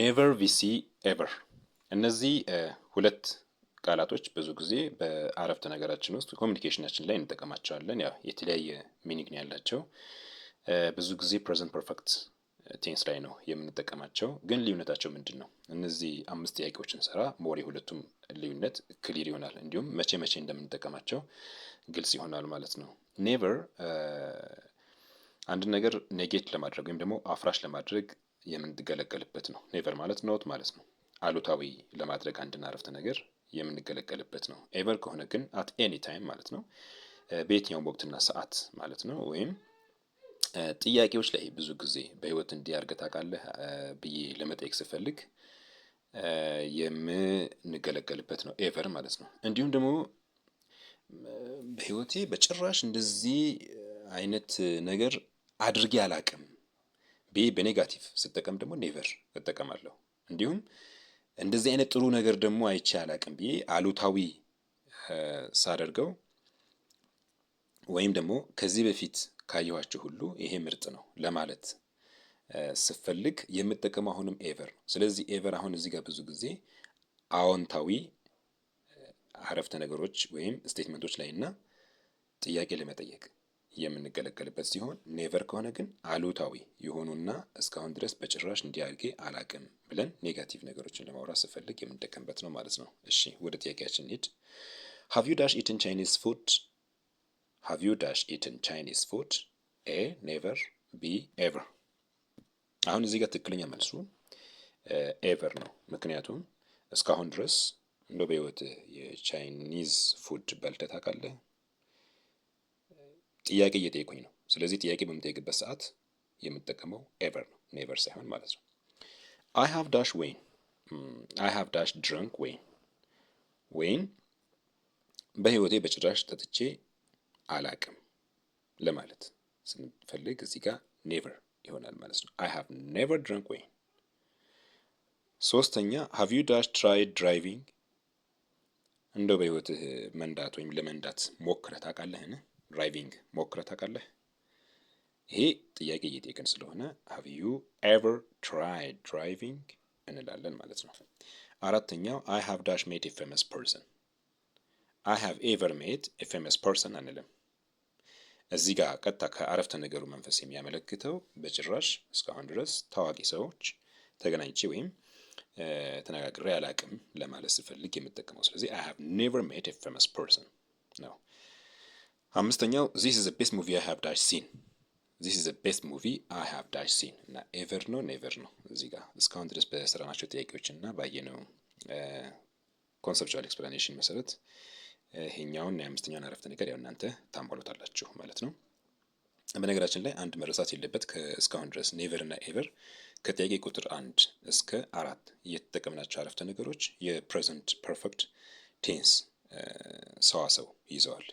ኔቨር ቪሲ ኤቨር። እነዚህ ሁለት ቃላቶች ብዙ ጊዜ በአረፍተ ነገራችን ውስጥ ኮሚኒኬሽናችን ላይ እንጠቀማቸዋለን። ያው የተለያየ ሚኒንግ ነው ያላቸው። ብዙ ጊዜ ፕሬዘንት ፐርፌክት ቴንስ ላይ ነው የምንጠቀማቸው። ግን ልዩነታቸው ምንድን ነው? እነዚህ አምስት ጥያቄዎች ስራ ሞር ሁለቱም ልዩነት ክሊር ይሆናል። እንዲሁም መቼ መቼ እንደምንጠቀማቸው ግልጽ ይሆናል ማለት ነው። ኔቨር አንድ ነገር ኔጌት ለማድረግ ወይም ደግሞ አፍራሽ ለማድረግ የምንገለገልበት ነው። ኔቨር ማለት ኖት ማለት ነው። አሉታዊ ለማድረግ አንድን አረፍተ ነገር የምንገለገልበት ነው። ኤቨር ከሆነ ግን አት ኤኒ ታይም ማለት ነው። በየትኛውም ወቅትና ሰዓት ማለት ነው። ወይም ጥያቄዎች ላይ ብዙ ጊዜ በህይወት እንዲህ አድርገህ ታውቃለህ ብዬ ለመጠየቅ ስፈልግ የምንገለገልበት ነው ኤቨር ማለት ነው። እንዲሁም ደግሞ በህይወቴ በጭራሽ እንደዚህ አይነት ነገር አድርጌ አላቅም ቢ በኔጋቲቭ ስጠቀም ደግሞ ኔቨር እጠቀማለሁ። እንዲሁም እንደዚህ አይነት ጥሩ ነገር ደግሞ አይቼ አላቅም ብዬ አሉታዊ ሳደርገው ወይም ደግሞ ከዚህ በፊት ካየኋቸው ሁሉ ይሄ ምርጥ ነው ለማለት ስፈልግ የምጠቀመው አሁንም ኤቨር ነው። ስለዚህ ኤቨር አሁን እዚህ ጋር ብዙ ጊዜ አዎንታዊ አረፍተ ነገሮች ወይም ስቴትመንቶች ላይ እና ጥያቄ ለመጠየቅ የምንገለገልበት ሲሆን ኔቨር ከሆነ ግን አሉታዊ የሆኑና እስካሁን ድረስ በጭራሽ እንዲያርጌ አላቅም ብለን ኔጋቲቭ ነገሮችን ለማውራት ስፈልግ የምንጠቀምበት ነው ማለት ነው። እሺ ወደ ጥያቄያችን ሄድ ሃቭ ዩ ዳሽ ኢትን ቻይኒዝ ፉድ ሃቭ ዩ ዳሽ ኢትን ቻይኒዝ ፉድ? ኤ ኔቨር፣ ቢ ኤቨር። አሁን እዚህ ጋር ትክክለኛ መልሱ ኤቨር ነው። ምክንያቱም እስካሁን ድረስ እንደ በህይወት የቻይኒዝ ፉድ በልተህ ታውቃለህ? ጥያቄ እየጠየኩኝ ነው። ስለዚህ ጥያቄ በምጠይቅበት ሰዓት የምጠቀመው ኤቨር ነው ኔቨር ሳይሆን ማለት ነው። አይ ሃቭ ዳሽ ወይን አይ ሃቭ ዳሽ ድረንክ ወይን ወይን በህይወቴ በጭራሽ ጠጥቼ አላቅም ለማለት ስንፈልግ እዚህ ጋር ኔቨር ይሆናል ማለት ነው። አይ ሃቭ ኔቨር ድረንክ ወይን። ሶስተኛ ሃቭ ዩ ዳሽ ትራይድ ድራይቪንግ እንደው በህይወትህ መንዳት ወይም ለመንዳት ሞክረህ ታውቃለህን? ድራይቪንግ ሞክረ ታውቃለህ? ይሄ ጥያቄ እየጠየቅን ስለሆነ ሀቭ ዩ ኤቨር ትራይድ ድራይቪንግ እንላለን ማለት ነው። አራተኛው አይ ሀቭ ዳሽ ሜት ኤ ፌመስ ፐርሰን። አይ ሀቭ ኤቨር ሜት ኤ ፌመስ ፐርሰን አንልም። እዚህ ጋር ቀጥታ ከአረፍተ ነገሩ መንፈስ የሚያመለክተው በጭራሽ እስካሁን ድረስ ታዋቂ ሰዎች ተገናኝቼ ወይም ተነጋግሬ አላቅም ለማለት ስፈልግ የምጠቀመው። ስለዚህ አይ ሀቭ ኔቨር ሜት ኤ ፌመስ ፐርሰን ነው። አምስተኛው ዚስ ኢዝ ቤስት ሙቪ አይ ሃቭ ዳሽ ሲን ዚስ ኢዝ ቤስት ሙቪ አይ ሃቭ ዳሽ ሲን እና ኤቨር ነው ኔቨር ነው እዚህ ጋር እስካሁን ድረስ በሰራናቸው ጥያቄዎች እና ባየነው ኮንሰፕቹዋል ኤክስፕላኔሽን መሰረት ይሄኛውን የአምስተኛውን አረፍተ ነገር ያው እናንተ ታሟሉታላችሁ ማለት ነው። በነገራችን ላይ አንድ መረሳት የለበት እስካሁን ድረስ ኔቨር እና ኤቨር ከጥያቄ ቁጥር አንድ እስከ አራት እየተጠቀምናቸው አረፍተ ነገሮች የፕሬዘንት ፐርፌክት ቴንስ ሰዋሰው ይዘዋል።